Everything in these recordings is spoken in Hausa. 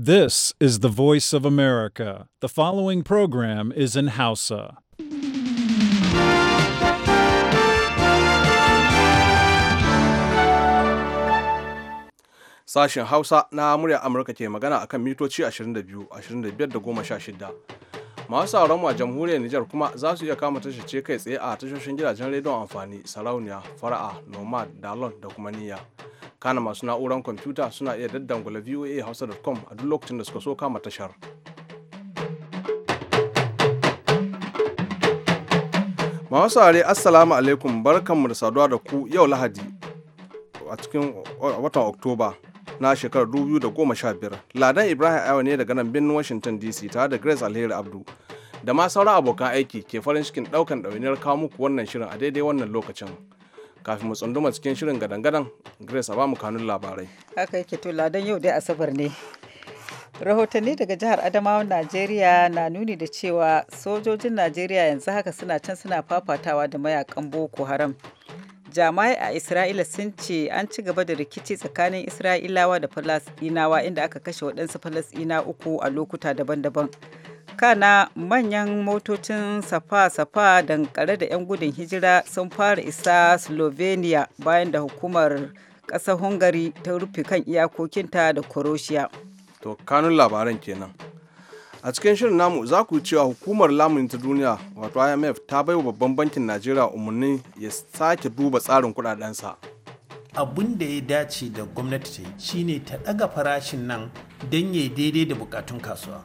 This is the voice of America. The following program is in Hausa. Sashen Hausa na murya Amurka ke magana akan mitoci 22, 25 da 16. masu sauran a jamhuriyar Nijar kuma za su iya kama tashar ce kai tsaye a tashoshin gidajen rediyon amfani sarauniya fara'a nomad dalon da kuma niyya kana masu na'uran kwamfuta suna iya daddangula voa hausa.com a duk lokacin da suka so kama tashar Mawasare assalamu alaikum barkanmu da saduwa da ku yau lahadi a cikin watan oktoba na shekarar 2015 ladan ibrahim ayo ne daga nan birnin washington dc tare da grace alheri abdu da ma sauran abokan aiki ke farin cikin ɗaukan ɗawainiyar kawo muku wannan shirin a daidai wannan lokacin. kafin mu tsunduma cikin shirin gadan grace a kanun labarai haka yake to ladan yau dai asabar ne rahotanni daga jihar adamawa najeriya na nuni da cewa sojojin najeriya yanzu haka suna can suna fafatawa da mayakan boko haram jama'ai a isra'ila sun ce an ci gaba da rikici tsakanin isra'ilawa da falasɗinawa inda aka kashe waɗansu falasɗina uku a lokuta daban-daban kana manyan motocin safa-safa dankare da 'yan gudun hijira sun fara isa slovenia bayan da hukumar ƙasar hungary ta rufe kan iyakokinta da croatia to kanun labaran kenan a cikin shirin namu za ku cewa hukumar lamunin ta duniya wato imf ta baiwa babban bankin najeriya umarnin ya sake duba tsarin kudadensa abun da ya dace da gwamnati ta yi shine ta ɗaga farashin nan don ya daidai da bukatun kasuwa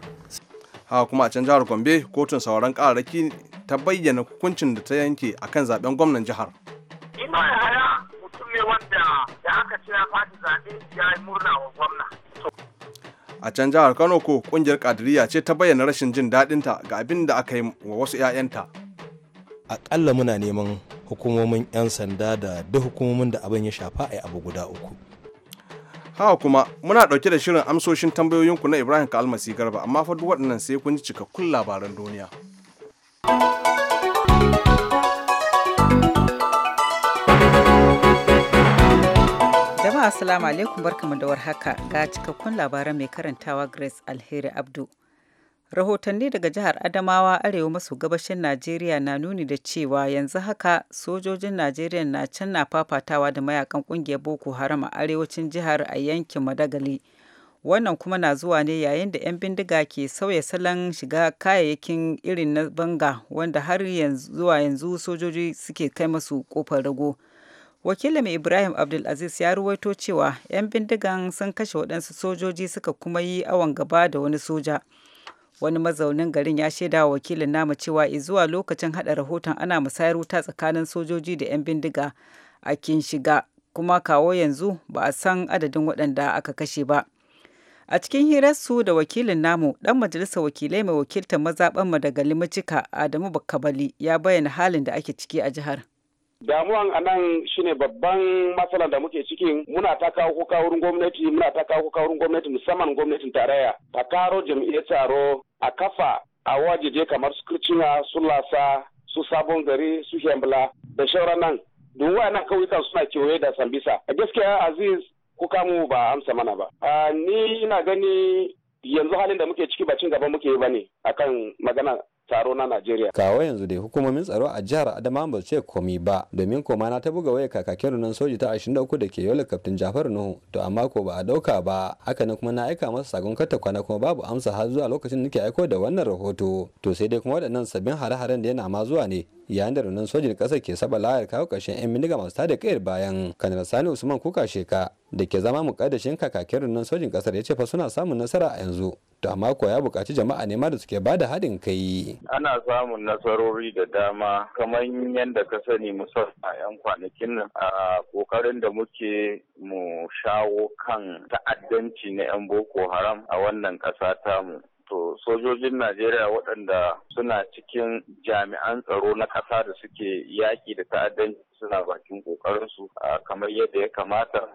haka kuma a can jihar gombe kotun sauran kararraki ta bayyana hukuncin da ta yanke akan zaben gwamnan jihar mutum zaɓe ya yi murna gwamna a can jihar kano ko kungiyar kadiriya ce ta bayyana rashin jin daɗinta ga abin da aka yi wa wasu 'ya'yanta aƙalla muna neman hukumomin 'yan sanda da duk hukumomin da abin ya shafa a abu guda uku Hawa kuma muna ɗauke da shirin amsoshin tambayoyinku na Ibrahim Kalmasi Garba amma fa duk waɗannan sai kun ji cikakkun labaran duniya. Jama'a assalamu alaikum barkamu da warhaka ga cikakkun labaran mai karantawa Grace Alheri Abdu. rahotanni daga jihar adamawa arewa maso gabashin najeriya na nuni da cewa yanzu haka sojojin najeriya na can na fafatawa da mayakan kungiyar boko haram a arewacin jihar a yankin madagali wannan kuma na zuwa ne yayin da 'yan bindiga ke sauya salon shiga kayayyakin irin na banga wanda har zuwa yanzu sojoji suke kai masu kofar rago wakilin ibrahim abdulaziz ya ruwaito cewa 'yan bindigan sun kashe waɗansu sojoji suka kuma yi awon gaba da wani soja wani mazaunin garin ya shaida wa wakilin namu cewa zuwa lokacin hada rahoton ana musayar wuta tsakanin sojoji da 'yan bindiga a kin shiga kuma kawo yanzu ba a san adadin waɗanda aka kashe ba a cikin hirarsu da wakilin namu dan majalisar wakilai mai wakiltar mazaɓan daga macika adamu bakabali ya bayyana halin da ake ciki a jihar damuwan a nan shine babban matsalan da muke ciki muna ta kawo kuka wurin gwamnati muna ta kawo kuka wurin gwamnati musamman gwamnatin tarayya a karo jam'iyyar tsaro a kafa a wajeje kamar su kirchina su lasa su sabon gari su hembla da shauran nan duk wayannan kauyukan suna kewaye da sambisa a gaskiya aziz kuka mu ba amsa mana ba a ni ina gani yanzu halin da muke ciki ba cin gaba muke yi bane akan magana taro na Najeriya. Kawo yanzu dai hukumomin tsaro a jihar Adama ba su ce komi ba domin koma na ta buga waya kakakin runan soji ta 23 da ke yola kaftin Jafaru Nuhu to amma ko ba a ɗauka ba haka ne kuma na aika masa sakon kata kwana kuma babu amsa har zuwa lokacin da nake aiko da wannan rahoto to sai dai kuma waɗannan sabbin hare-haren da yana ma zuwa ne yayin da rundunar sojin kasar ke saba layar kawo ƙarshen 'yan bindiga masu tada kayar bayan kanar sani usman kuka sheka da ke zama mukaddashin kakakin rundunar sojin kasar ya ce fa suna samun nasara a yanzu to amma ko ya buƙaci jama'a ne ma da suke bada haɗin kai. Ana samun nasarori da dama kamar yadda ka sani musamman a 'yan kwanakin nan a ƙoƙarin da muke mu shawo kan ta'addanci na 'yan Boko Haram a wannan ƙasa tamu. to sojojin Najeriya waɗanda suna cikin jami'an tsaro na ƙasa da suke yaƙi da ta'addanci suna bakin ƙoƙarinsu kamar yadda ya kamata.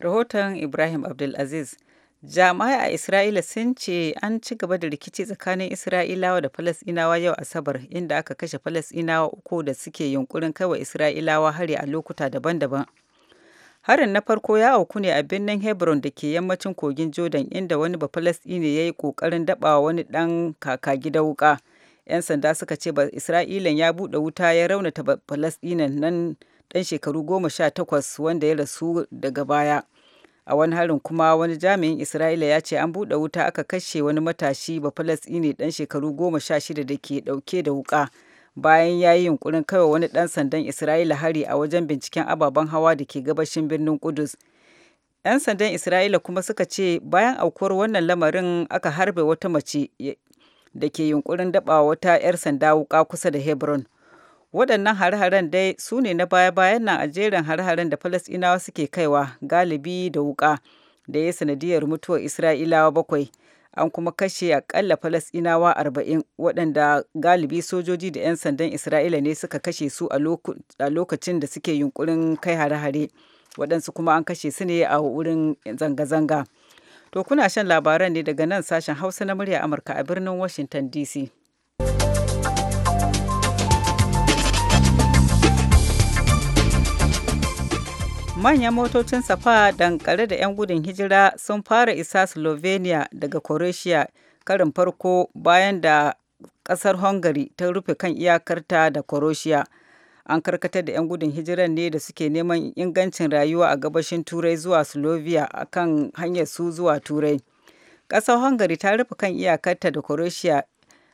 Rahoton Ibrahim Abdulaziz. Jami'ai a Isra'ila sun ce an ci gaba da rikici tsakanin Isra'ilawa da Falasɗinawa yau Asabar inda aka kashe Falasɗinawa uku da suke yunkurin kaiwa Isra'ilawa hari a lokuta daban-daban. Harin na farko ya auku ne a birnin Hebron da ke yammacin kogin Jordan inda wani ne ya yi ƙoƙarin daɓawa wani ɗan kaka gida wuƙa. 'Yan sanda suka ce ba Isra'ilan ya buɗe wuta ya raunata Bafalasɗinen nan ɗan shekaru goma sha takwas wanda ya rasu daga baya. A wani harin kuma wani jami'in Isra'ila ya ce an buɗe wuta aka kashe wani matashi Bafalasɗine ɗan shekaru goma sha shida da ke ɗauke da wuƙa. bayan ya yi yunkurin kaiwa wani ɗan sandan Isra'ila hari a wajen binciken ababen hawa da ke gabashin birnin Kudus. 'Yan sandan Isra'ila kuma suka ce bayan aukuwar wannan lamarin aka harbe wata mace da ke yunkurin daɓa wata 'yar sanda wuka kusa da Hebron. Waɗannan har-haren dai su ne na baya-bayan nan a jerin har-haren da Falasɗinawa suke kaiwa galibi da wuƙa da ya sanadiyar mutuwar Isra'ilawa bakwai. an kuma kashe akalla falasɗinawa arba'in waɗanda galibi sojoji da 'yan sandan isra'ila ne suka kashe su a lokacin da suke yunkurin kai hare-hare waɗansu kuma an kashe su ne a wurin zanga-zanga to kuna shan labaran ne daga nan sashen hausa na murya amurka a birnin washington dc manyan motocin safa dankare da 'yan gudun hijira sun fara isa slovenia daga croatia karin farko bayan da kasar hungary ta rufe kan iyakarta da croatia an karkatar da 'yan gudun hijiran ne da suke neman ingancin rayuwa a gabashin turai zuwa slovenia kan hanyar su zuwa turai ƙasar hungary ta rufe kan iyakarta da croatia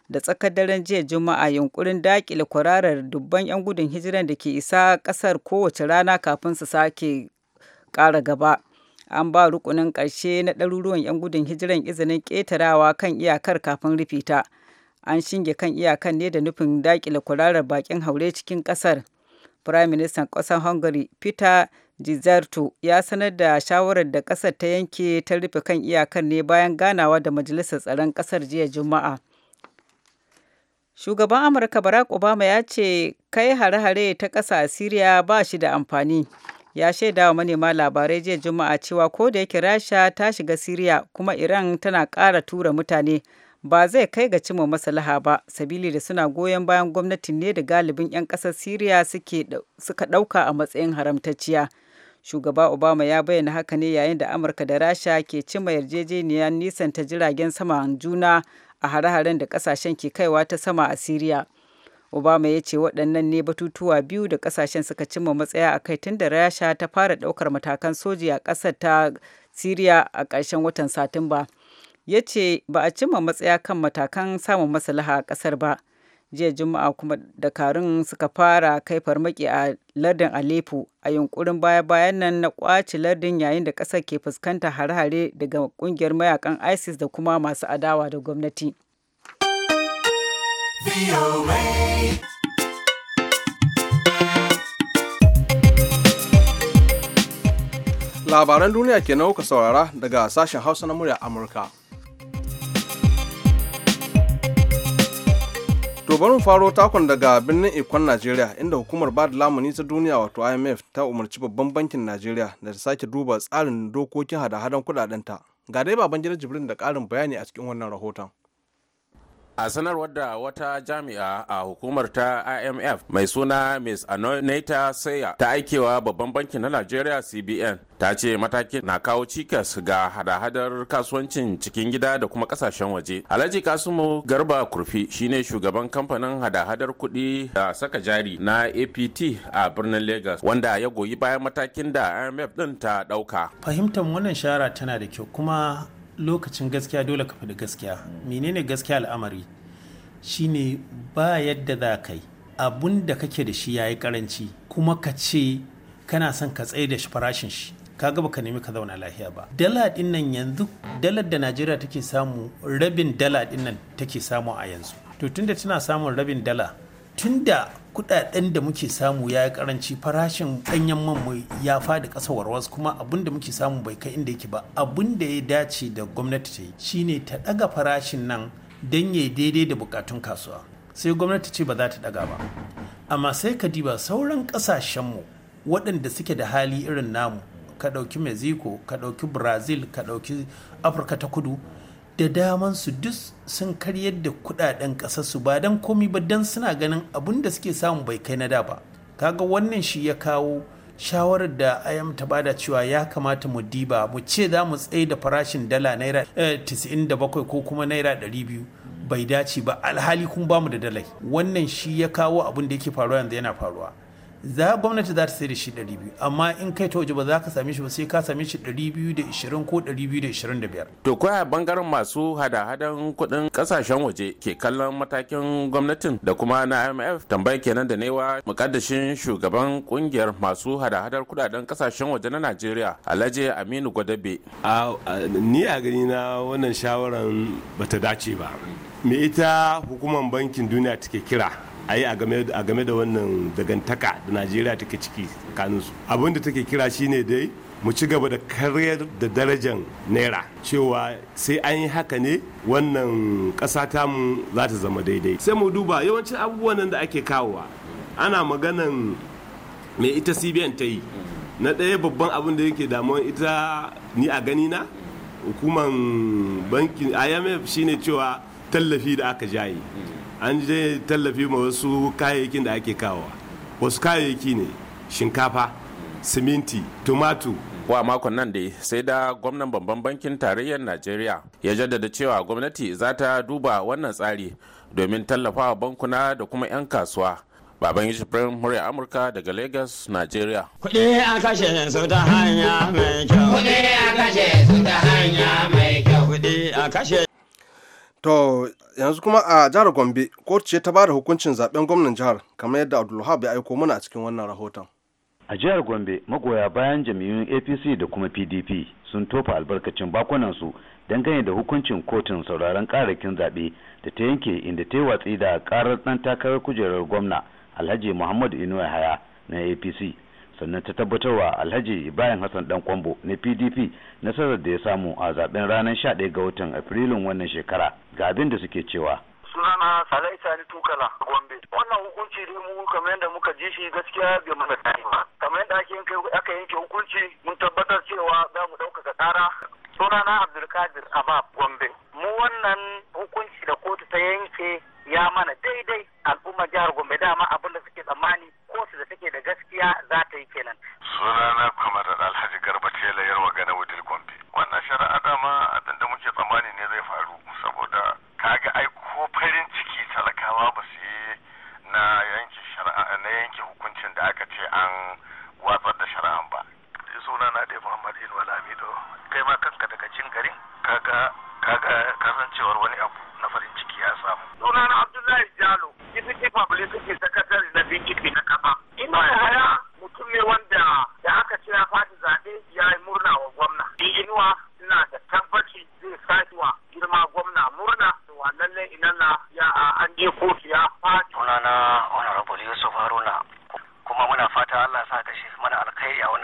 da tsakar daren jiya Juma'a yunkurin dakile kwararar dubban 'yan gudun hijiran da ke isa kasar kowace rana kafin su sake ƙara gaba. An ba rukunin ƙarshe na ɗaruruwan 'yan gudun hijiran izinin ƙetarawa kan iyakar kafin rufita An shinge kan iyakan ne da nufin dakile kwararar bakin haure cikin ƙasar. Firayim Ministan ƙasar Hungary Peter Gizarto ya sanar da shawarar da ƙasar ta yanke ta rufe kan iyakar ne bayan ganawa da Majalisar Tsaron ƙasar jiya Juma'a. Shugaban Amurka Barack Obama ya ce kai hare-hare ta ƙasa a Siriya ba shi da amfani. Ya shaidawa manema labarai jiya Juma'a cewa ko da yake Rasha ta shiga Siriya kuma Iran tana ƙara tura mutane ba zai kai ga cimma maslaha ba sabili da suna goyon bayan gwamnatin ne da galibin 'yan ƙasar Siriya suka ɗauka a matsayin haramtacciya. shugaba obama ya bayyana haka ne yayin da amurka da rasha ke cima yarjejeniyar ta jiragen sama juna a hare-haren da kasashen ke kaiwa ta sama a Siriya. Obama ya ce waɗannan ne batutuwa biyu da kasashen suka cimma matsaya a kai tun da Rasha ta fara ɗaukar matakan soji a ƙasar ta Siriya a ƙarshen watan Satumba. Ya ce ba a cimma matsaya kan matakan samun maslaha a ƙasar ba. jiya juma'a kuma dakarun suka fara kai farmaki a lardin aleppo a yunkurin baya-bayan nan na kwace lardin yayin da ƙasar ke fuskanta hare-hare daga kungiyar mayakan isis da kuma masu adawa da gwamnati labaran duniya ke nauka saurara daga sashen hausa na murya amurka To barin faro takon daga birnin Ikon Najeriya inda hukumar ba da lamuni ta duniya wato IMF ta umarci babban bankin Najeriya da ta sake duba tsarin dokokin hada-hadan kudadenta. Ga dai baban gidan Jibrin da karin bayani a cikin wannan rahoton. a sanarwar da wata jami'a a hukumar ta imf mai suna ms anonita seya ta aikewa babban banki na nigeria cbn ta ce matakin na kawo cikas ga hada-hadar kasuwancin cikin gida da kuma kasashen waje alhaji kasumu garba kurfi shine shugaban kamfanin hada-hadar kuɗi da saka jari na apt a birnin lagos wanda ya goyi bayan matakin da imf din ta ɗauka fahimtar wannan shara tana da kyau kuma lokacin gaskiya dole ka faɗi gaskiya menene gaskiya al'amari shine ba yadda za ka yi abun da kake da shi ya yi karanci kuma ka ce kana son ka tsaye da shi farashin shi ka gaba ka nemi ka zauna lafiya ba dala din nan yanzu dalar da najeriya take samu rabin dala din nan take samu a yanzu to tunda tana samun rabin dala tunda kudaden da muke samu ya yi karanci farashin danyen man mu ya fadi kasa warwas kuma abin da muke samu bai kai inda yake ba abin da ya dace da gwamnati ta yi shine ta daga farashin nan don ya daidai da bukatun kasuwa sai gwamnati ce ba za ta daga ba amma sai ka diba sauran mu waɗanda suke da hali irin namu ka ɗauki mexico ka ɗauki brazil ka ɗauki afirka ta kudu da daman su duk sun karyar da kudaden su ba don komi ba don suna ganin abun da suke samu bai kai na da ba kaga wannan shi ya kawo shawarar da ayam ta bada cewa ya kamata mu diba mu ce za mu tsaye da farashin dala naira 97 eh, ko kuma naira 200 bai dace ba alhali kuma bamu da dalai wannan shi ya kawo abin da yake faruwa yanzu yana faruwa za gwamnati za ta sai da shi 200 amma in kai ta waje ba za ka same shi ba sai ka same shi 220 ko 225 to koya bangaren masu hada-hadan kuɗin kasashen waje ke kallon matakin gwamnatin da kuma na imf tambayar kenan da newa mukaddashin shugaban kungiyar masu hada-hadar kudaden kasashen waje na najeriya alhaji aminu gwadabe ni a gani na wannan shawaran bata dace ba me ita hukumar bankin duniya take kira a yi a game da wannan dagantaka da najeriya take ciki tsakaninsu abin da take kira shine dai mu ci gaba da karyar da darajar naira cewa sai an yi haka ne wannan ƙasa tamu za ta zama daidai sai mu duba yawancin abubuwan da ake kawowa ana maganan mai ita cbn ta yi na ɗaya babban abin da yake damuwa ita ni a gani na hukuman bankin imf shine cewa tallafi da aka jaye an je tallafi ma wasu kayayyakin da ake kawo wasu kayayyaki ne shinkafa siminti tomato wa makon nan dai sai da gwamnan babban bankin tarayyar najeriya ya jaddada cewa gwamnati za ta duba wannan tsari domin tallafawa bankuna da kuma 'yan kasuwa baban yi firin murya amurka daga lagos nigeria kudi a kashe su ta hanya mai kyau kudi a kashe su ta hanya mai kyau kudi a kashe To yanzu kuma a jihar Gombe kotu ce ta ba da hukuncin zaben gwamnan jihar kamar yadda Abdulwahab ya aiko mana a cikin wannan rahoton. A jihar Gombe magoya bayan jami'in APC da kuma PDP sun tofa albarkacin bakunansu dangane da hukuncin kotun sauraron karakin zaɓe da ta yanke inda ta yi watsi da karar ɗan takarar kujerar gwamna Alhaji Muhammadu Inuwa Haya na APC sannan ta tabbatarwa alhaji ibrahim hassan dan kwambo na pdp nasarar da ya samu a zaben ranar 11 ga watan afrilun wannan shekara ga abin da suke cewa sunana salai sani tukala gombe wannan hukunci da mu kamar yadda muka ji shi gaskiya bai mana ba kamar yadda aka yanke hukunci mun tabbatar cewa za mu ɗaukaka ƙara sunana abdulkadir abab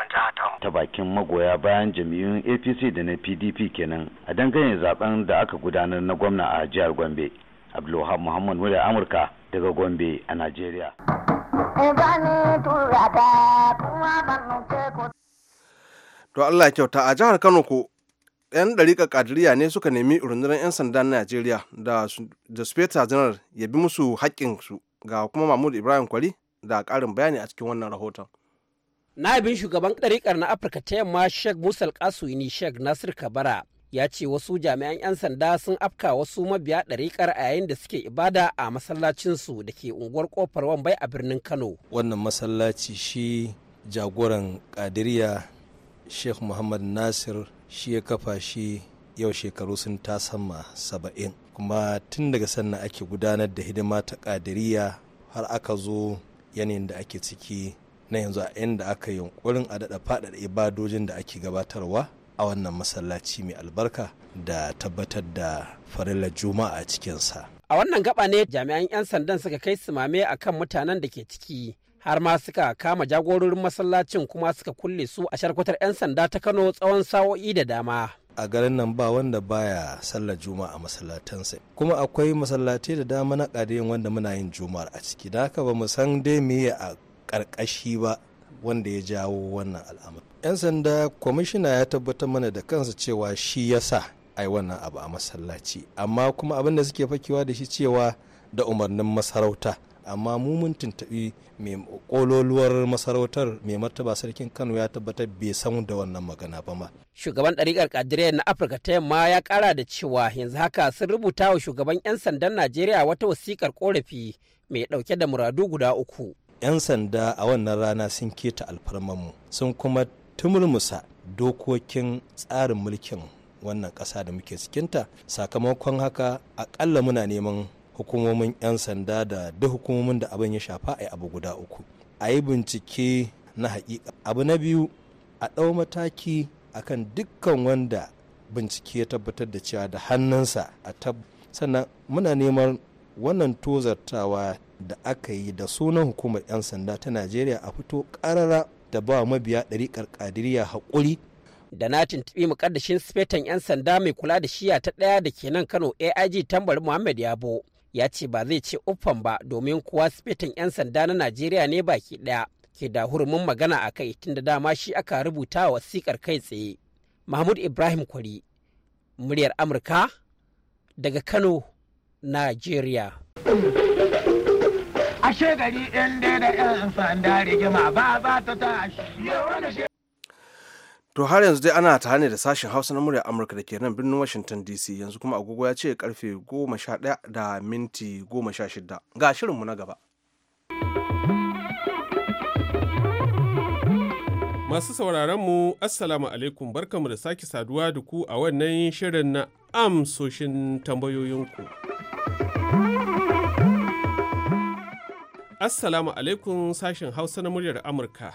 na jihar ta. Ta bakin magoya bayan jam'iyyun APC da na PDP kenan a dangane zaben da aka gudanar na gwamna a jihar Gombe. Abdulwahab Muhammad Wale Amurka daga Gombe a Najeriya. Eh, to Allah kyauta a jihar Kano ko 'yan ɗariƙar kadiriya ne suka nemi rundunar 'yan sandan najeriya da da speta janar ya bi musu haƙƙinsu ga kuma mahmud ibrahim kwari da ƙarin bayani a cikin wannan rahoton Na'ibin shugaban ɗariƙar na Afirka ta yamma Sheikh Musal Kasuini Sheikh Nasir Kabara ya ce wasu jami'an 'yan sanda sun afka wasu mabiya ɗariƙar a yayin da suke ibada a masallacinsu da ke unguwar kofar wambai a birnin Kano. Wannan masallaci shi jagoran kadiriya Sheikh Muhammad Nasir shi ya kafa shi yau shekaru sun ta sama saba'in kuma tun daga sannan ake gudanar da hidima ta kadiriya har aka zo yanayin da ake ciki na yanzu a inda aka yunkurin a daɗa faɗaɗa ibadojin da ake gabatarwa a wannan masallaci mai albarka da tabbatar da farillar juma'a a cikinsa. A wannan gaba ne jami'an 'yan sandan suka kai sumame a kan mutanen da ke ciki har ma suka kama jagororin masallacin kuma suka kulle su a sharkutar 'yan sanda ta Kano tsawon sa'o'i da dama. a garin nan ba wanda baya sallar juma'a masallatansa kuma akwai masallatai da dama na ƙadayin wanda muna yin juma'ar a ciki da haka ba mu san dai me a karkashi ba wanda ya jawo wannan al'amur. 'yan sanda kwamishina ya tabbatar mana da kansa cewa shi ya sa ai wannan abu a masallaci amma kuma abin da suke fakewa da shi cewa da umarnin masarauta amma mu mun tuntuɓi mai kololuwar masarautar mai martaba sarkin kano ya tabbatar bai san da wannan magana ba ma shugaban ɗariƙar kadiriyar na afirka ta yamma ya ƙara da cewa yanzu haka sun rubuta wa shugaban 'yan sandan najeriya wata wasiƙar ƙorafi mai ɗauke da muradu guda uku 'yan sanda a wannan rana sun keta alfarmanmu sun kuma tumurmusa dokokin tsarin mulkin wannan ƙasa da muke cikinta sakamakon haka aƙalla muna neman hukumomin 'yan sanda da duk hukumomin da abin ya shafa a abu guda uku a yi bincike na haƙiƙa abu na biyu a ɗau mataki akan dukkan wanda bincike ya tabbatar da cewa da hannunsa a tab sannan muna neman wannan tozartawa da aka yi da sunan hukumar 'yan sanda ta najeriya a fito karara da ba mabiya ɗariƙar ƙadiriya haƙuri da na tuntuɓi mukaddashin sifetan 'yan sanda mai kula da shiya ta ɗaya da ke nan kano aig Tambar muhammad yabo ya ce ba zai ce uffan ba domin kuwa sifetan 'yan sanda na najeriya ne baki ɗaya ke da hurumin magana a kai tun da dama shi aka rubuta wa wasikar kai tsaye mahmud ibrahim kwari muryar amurka daga kano Najeriya. Ashe gari da To har yanzu dai ana tare da sashen Hausa na murya Amurka da ke nan birnin Washington DC yanzu kuma agogo ya ce karfe 11 da minti 16 ga shirinmu na gaba. Masu sauraron mu Assalamu alaikum barkamu da sake saduwa da ku a wannan shirin na amsoshin tambayoyinku. Assalamu alaikum sashen Hausa na muryar Amurka.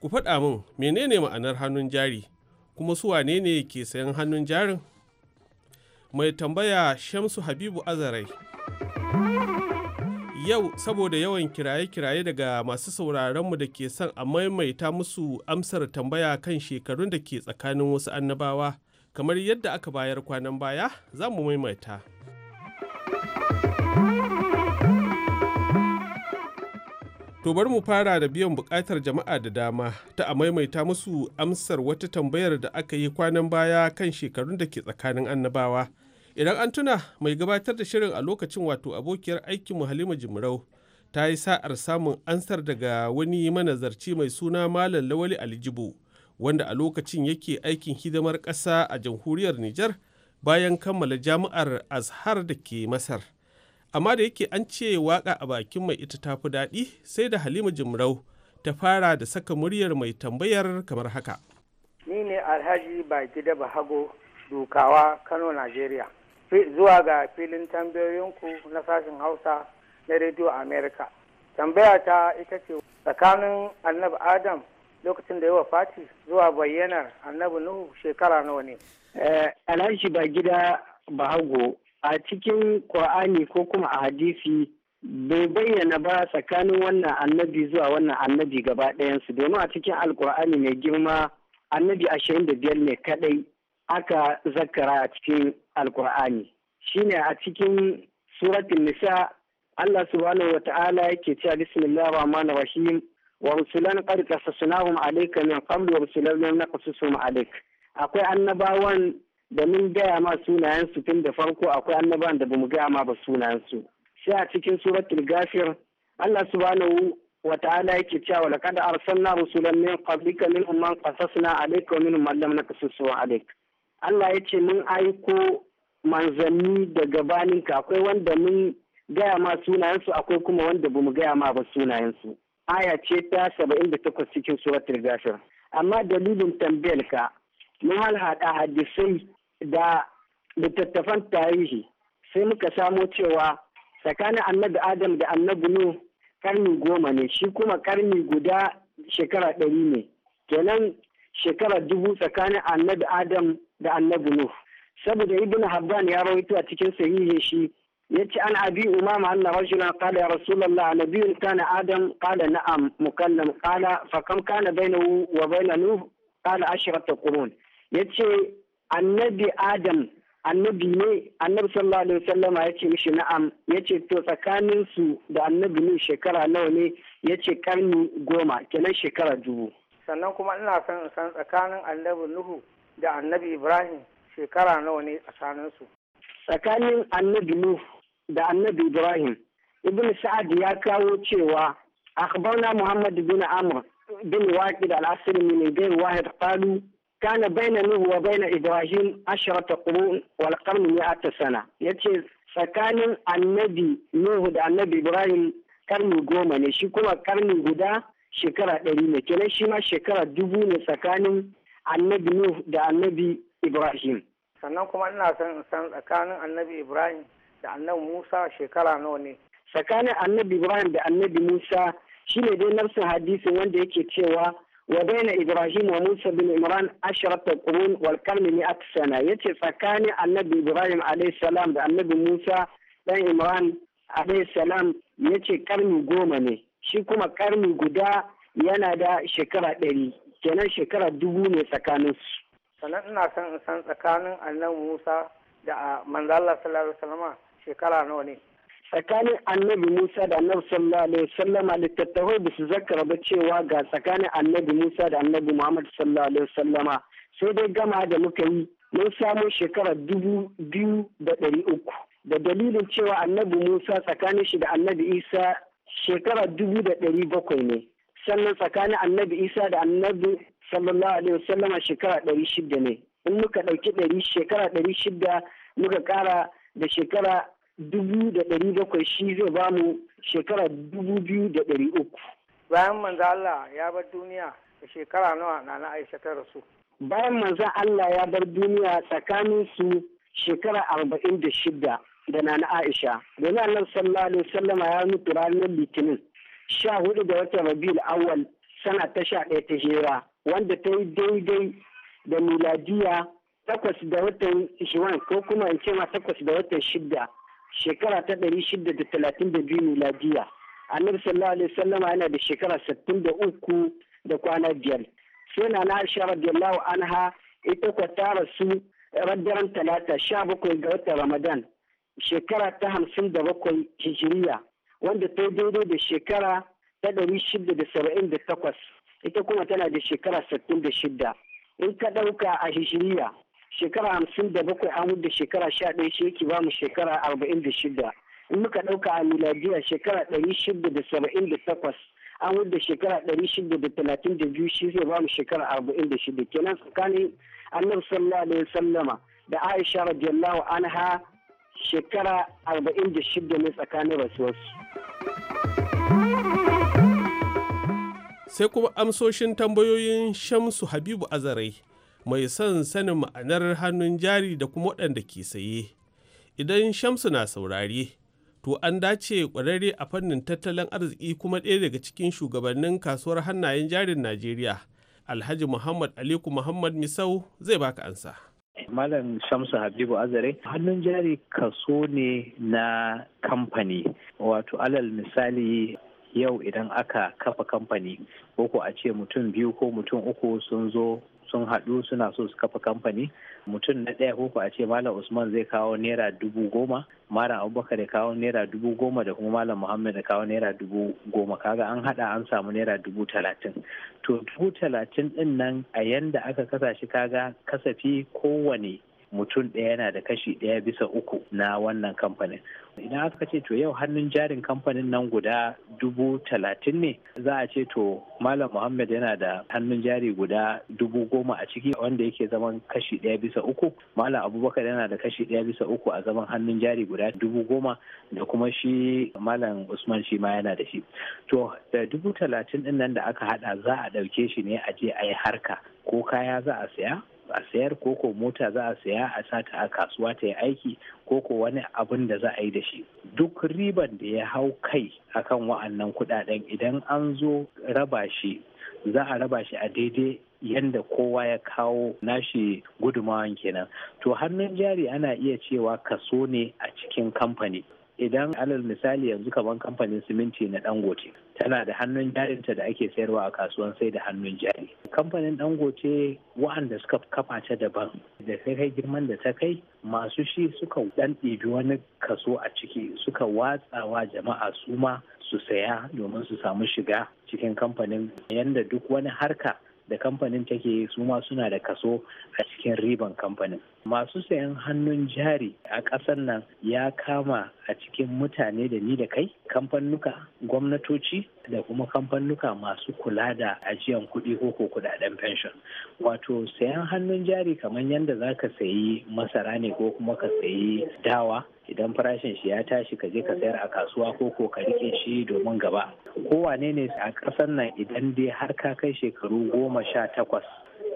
Ku faɗa min menene ma'anar hannun jari, kuma su wane ne ke sayan hannun jarin? Mai tambaya Shamsu Habibu Azarai. Yau saboda yawan kiraye-kiraye daga masu sauraronmu da ke son a maimaita musu amsar tambaya kan shekarun da ke tsakanin wasu annabawa. kamar yadda aka bayar kwanan baya za mu maimaita. To bari mu fara da biyan bukatar jama'a da dama ta a maimaita musu amsar wata tambayar da aka yi kwanan baya kan shekarun da ke tsakanin annabawa. Idan an tuna mai gabatar da shirin a lokacin wato abokiyar aikinmu Halima Jimrau ta yi sa'ar samun ansar daga wani manazarci mai suna Malam Lawali jibo. wanda a lokacin yake aikin hidimar ƙasa a jamhuriyar Nijar bayan kammala jami'ar Azhar da ke Masar. Amma da yake an ce waƙa a bakin mai ita tafi daɗi sai da Halima Jimrau ta fara da saka muryar mai tambayar kamar haka. Ni ne Alhaji Bagida Bahago Dukawa Kano, Najeriya. Zuwa ga filin tambayoyinku na sashen Hausa na Radio America. Tambaya ta ita ce tsakanin Annabi Adam lokacin da yawa fati zuwa bayyanar annabi nuhu shekara nawa ne eh, alhaji ba gida ba bahago a cikin kur'ani ko kuma a hadisi bai bayyana ba tsakanin wannan annabi zuwa wannan annabi gaba ɗayansu domin a cikin alkur'ani mai girma annabi ashirin da biyar ne kadai aka zakara a cikin alkur'ani shine a cikin suratun nisa Allah subhanahu wa ta'ala yake cewa bismillahir rahmanir rahim ورسلنا قد قصصناهم عليك من قبل ورسلنا لم نقصصهم عليك akwai annabawan da mun gaya ma sunayensu tun da farko akwai annabawan da bamu gaya ma ba sunayensu sai a cikin suratul gafir Allah subhanahu wa ta'ala yake cewa laqad arsalna rusulan min qablika minhum man qasasna alayka min minhum man lam naqsussu alayk Allah yace mun aiko manzanni daga baninka, akwai wanda mun gaya ma sunayensu akwai kuma wanda bamu gaya ma ba sunayensu aya ce ta saba'in da takwas cikin suratul gafir amma dalilin tambayar ka mun hadisai da littattafan tarihi sai muka samo cewa tsakanin annabi adam da annabi nu karni goma ne shi kuma karni guda shekara ɗari ne kenan shekara dubu tsakanin annabi adam da annabi nu saboda ibn habban ya rawaito a cikin sahihin shi yace an abi umama Allah rajulan qala ya rasulullah nabiyyun kana adam qala na'am mukallam qala fa kam kana bainahu wa baina nuh qala ashrata qurun yace annabi adam annabi ne annabi sallallahu alaihi wasallama yace mishi na'am yace to tsakanin su da annabi ne shekara nawa ne yace karni goma kenan shekara dubu sannan kuma ina son san tsakanin annabi nuhu da annabi ibrahim shekara nawa ne tsakanin su tsakanin annabi Nuh da annabi Ibrahim ibn Sa'ad ya kawo cewa akhbarna Muhammad bin Amr bin Waqid al asr min Ibn wahid qalu kana baina Nuh wa baina Ibrahim 10 qurun al qarn mi'ata sana yace tsakanin annabi nuh da annabi Ibrahim karni goma ne shi kuma karni guda shekara ɗari ne kenan shi ma shekara dubu ne tsakanin annabi nuh da annabi Ibrahim sannan kuma ina son in san tsakanin annabi ibrahim da annabi musa shekara nawa ne tsakanin annabi ibrahim da annabi musa shine dai nafsin hadisi wanda yake cewa wa baina ibrahim wa musa bin imran ashrata qurun wal kalmi mi'at sana yace tsakanin annabi ibrahim alayhi salam da annabi musa dan imran alayhi salam yace karni goma ne shi kuma karni guda yana da shekara ɗari kenan shekara dubu ne tsakaninsu sannan ina son in san tsakanin annabi musa da manzala sallallahu alaihi wasallama shekara nawa ne tsakanin annabi musa da annabi sallallahu alaihi wasallama littattafai ba su zakara ba cewa ga tsakanin annabi musa da annabi muhammad sallallahu alaihi wasallama sai dai gama da muka yi mun samo shekara dubu biyu da ɗari uku da dalilin cewa annabi musa tsakanin shi da annabi isa shekara dubu da ɗari bakwai ne sannan tsakanin annabi isa da annabi sallallahu alaihi a shekara ɗari shida ne in muka ɗauki ɗari shekara ɗari shida muka ƙara da shekara dubu da ɗari bakwai shi zai ba mu shekara dubu biyu da ɗari uku. Bayan manzo Allah ya bar duniya da shekara nawa na na Aisha ta rasu. Bayan manzo Allah ya bar duniya tsakanin su shekara arba'in da shida da na na Aisha. Domin Allah sallallahu alaihi sallama ya mutu ranar Litinin sha hudu da watan Rabiul Awwal sana ta sha ɗaya ta hira. wanda ta yi daidai da miladiya takwas da watan juwan ko kuma in ce ma takwas da watan shidda shekara ta ɗari shidda da talatin da biyu miladiya annabi sallallahu alaihi sallama yana da shekara sittin da uku da kwana biyar sai na na aisha radiyallahu anha ita kwa ta rasu ran talata sha bakwai ga watan ramadan shekara ta hamsin da bakwai hijiriya wanda ta daidai da shekara ta ɗari shidda da saba'in da takwas ita kuma tana da shekara sittin da shidda in ka ɗauka a hijiriya shekara hamsin da bakwai an da shekara sha ɗaya shi yake bamu shekara arba'in da shidda in muka ɗauka a miladiya shekara ɗari shida da saba'in da takwas an wuce shekara ɗari shida da talatin da biyu shi zai bamu shekara arba'in da shida kenan tsakanin annabi sallallahu alaihi sallama da aisha radiyallahu anha shekara arba'in da shida ne tsakanin rasuwarsu. sai kuma amsoshin tambayoyin Shamsu Habibu Azarai mai son sanin ma'anar hannun jari da kuma waɗanda ke saye. Idan Shamsu na saurare, to an dace ƙwararre a fannin tattalin arziki kuma ɗaya daga cikin shugabannin kasuwar hannayen jarin Najeriya, Alhaji Muhammad Aliku Muhammad Misau zai baka ansa. Malam Shamsu Habibu Azare, hannun jari kaso ne na kamfani, wato alal misali yau idan aka kafa kamfani ko a ce mutum biyu ko mutum uku sun zo sun haɗu suna so su kafa kamfani mutum na ɗaya ko a ce malam usman zai kawo naira dubu goma malam abubakar ya kawo naira dubu goma da kuma malam muhammad ya kawo naira dubu goma kaga an haɗa an samu naira dubu talatin to dubu talatin ɗin nan a yanda aka kasa shi kaga kasafi kowane mutum ɗaya yana da kashi ɗaya bisa uku na wannan kamfanin idan aka ce to yau hannun jarin kamfanin nan guda dubu talatin ne za a ce to malam muhammad yana da hannun jari guda dubu goma a ciki wanda yake zaman kashi ɗaya bisa uku malam abubakar yana da kashi ɗaya bisa uku a zaman hannun jari guda dubu goma da kuma shi malam usman shi ma yana da shi to da dubu talatin ɗin nan da aka haɗa za a ɗauke shi ne a je a yi harka ko kaya za a saya a sayar koko mota za a saya a sata a kasuwa ta yi aiki koko wani abin da za a yi da shi duk riban da ya hau kai akan wa'annan kudaden idan an zo raba shi za a raba shi a daidai yadda kowa ya kawo nashi gudumawan kenan to hannun jari ana iya cewa kaso ne a cikin kamfani idan alal misali yanzu kaman kamfanin siminti na dangote tana da hannun jarinta da ake sayarwa a kasuwan sai da hannun jari kamfanin dangote wa'anda suka kafa ta daban da ta kai girman da ta kai masu shi suka dan ɗibi wani kaso a ciki suka watsawa jama'a suma su saya domin su samu shiga cikin kamfanin yadda duk wani harka da kamfanin take yi su ma suna da kaso a cikin riban kamfanin masu sayan hannun jari a ƙasar nan ya kama a cikin mutane da ni da kai kamfanuka gwamnatoci da kuma kamfanuka masu kula da ajiyan kuɗi ko ko kuɗaɗen pension wato sayan hannun jari kamar yadda za ka sayi masara ne ko kuma ka sayi dawa idan farashin shi ya tashi ka je ka sayar a kasuwa ko ko ka rike shi domin gaba kowane ne a ƙasar nan idan dai har ka kai shekaru goma sha takwas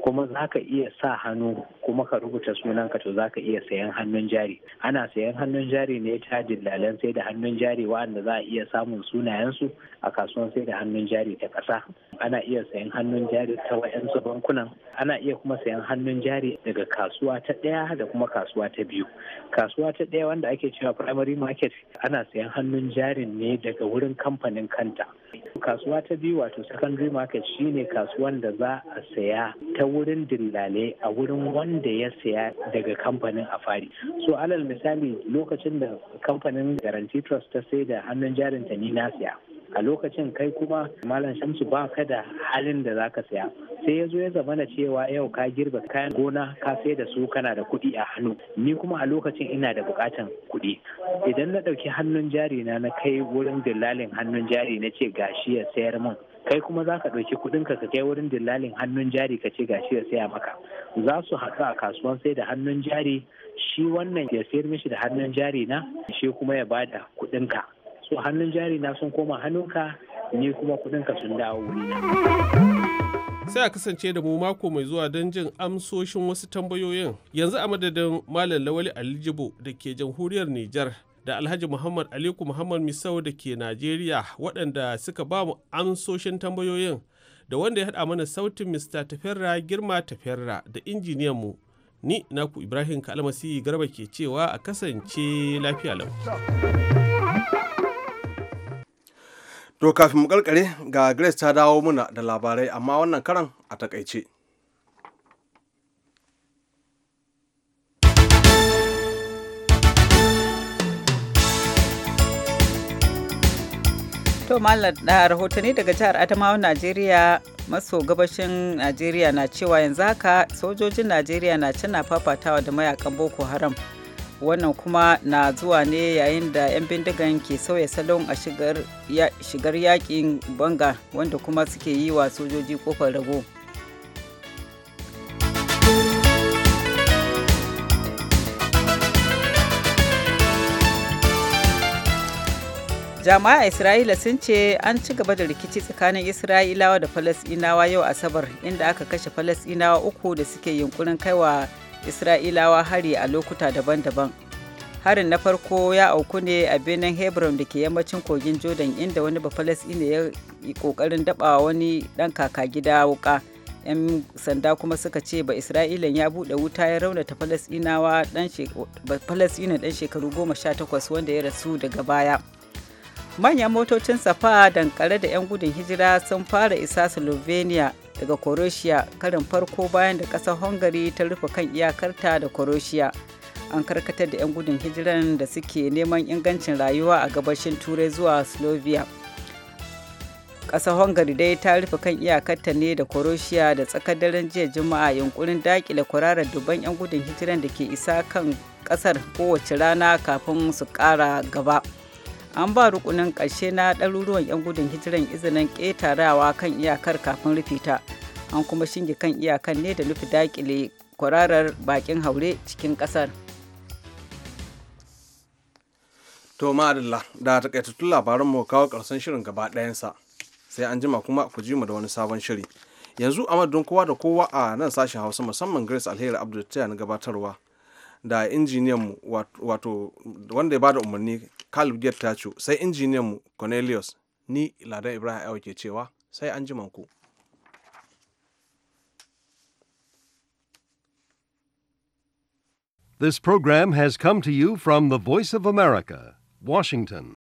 kuma za ka iya sa hannu kuma ka rubuta sunanka to za ka iya sayan hannun jari ana sayan hannun jari ne ta dillalan sai da hannun jari wanda za a iya samun sunayensu a kasuwan sai da hannun jari ta ƙasa ana iya sayan hannun jari ta wayansu bankunan ana iya kuma sayan hannun jari daga kasuwa ta ɗaya da kuma kasuwa ta biyu kasuwa ta ɗaya wanda ake cewa primary market ana sayan hannun jarin ne daga wurin kamfanin kanta kasuwa ta biyu wato secondary market shine kasuwan da za a saya ta wurin dillale a wurin wanda ya saya daga kamfanin a fari so alal misali lokacin da kamfanin guarantee trust ta sai da hannun jarin ta ni na saya. a lokacin kai kuma malam shamsu ba ka da halin da zaka saya sai ya zo ya zama na cewa yau ka girba kayan gona ka sai da su kana da kuɗi a hannu ni kuma a lokacin ina da buƙatan kuɗi idan na ɗauki hannun jari na na kai wurin dillalin hannun jari na ce gashi ya sayar min kai kuma za ka ɗauki kuɗin ka kai wurin dillalin hannun jari ka ce gashi ya saya maka za su haɗu a kasuwan sai da hannun jari shi wannan ya sayar mishi da hannun jari na shi kuma ya bada kuɗin ka so hannun jari na sun koma hannunka ne kuma kudinka sun dawo wurina sai a kasance da mu mako mai zuwa don jin amsoshin wasu tambayoyin yanzu a madadin malam lawali alijibo da ke jamhuriyar nijar da alhaji muhammad aliku muhammad misau da ke najeriya waɗanda suka ba mu amsoshin tambayoyin da wanda ya haɗa mana sautin mr tafera girma tafera da injiniyan mu ni naku ibrahim kalmasi garba ke cewa a kasance lafiya lau To kafin mu karkare ga Grace ta dawo muna da labarai amma wannan karan a takaice. To Mallam da rahotanni daga jihar Adamawa Najeriya maso gabashin Najeriya na cewa yanzu haka sojojin Najeriya na cina fafatawa da mayakan Boko Haram. wannan kuma na zuwa ne yayin da 'yan bindigan ke sauya salon a shigar yakin banga wanda kuma suke yi wa sojoji kofar rago jama'a isra'ila sun ce an ci gaba da rikici tsakanin isra'ilawa da falasinawa yau asabar inda aka kashe falasinawa uku da suke yunkurin kaiwa isra'ilawa hari a lokuta daban-daban harin na farko ya auku ne a birnin hebron da ke yammacin kogin jordan inda wani ne ya yi kokarin daba wani dan kaka gida wuka 'yan sanda kuma suka ce ba isra'ilan ya buɗe wuta ya raunata falasina dan shekaru goma sha takwas wanda ya rasu daga baya manyan motocin safa dankare da 'yan gudun hijira sun fara isa slovenia daga Croatia karin farko bayan da ƙasar Hungary ta rufe kan iyakarta da Croatia. An karkatar da 'yan gudun hijiran da suke neman ingancin rayuwa a gabashin Turai zuwa Slovenia. ƙasar Hungary dai ta rufe kan iyakarta ne da Croatia da tsakar daren jiya Juma'a yunkurin dakile kwararar dubban 'yan gudun hijiran da ke isa kan ƙasar kowace rana kafin su ƙara gaba. an ba rukunin ƙarshe na ɗaruruwan 'yan gudun hijiran izinin ƙetarawa kan iyakar kafin rufita an kuma shinge kan iyakan ne da nufi dakile kwararar bakin haure cikin ƙasar to ma'adalla da takaitattun labaran mu kawo ƙarshen shirin gaba ɗayansa sai an jima kuma ku ji mu da wani sabon shiri yanzu a madadin kowa da kowa a nan sashen hausa musamman grace alheri abdul na gabatarwa da injiniyan mu wato wanda ya bada umarni tacu sai cornelius ni ibrahim ke cewa sai an ku. This program has come to you from the Voice of America, Washington.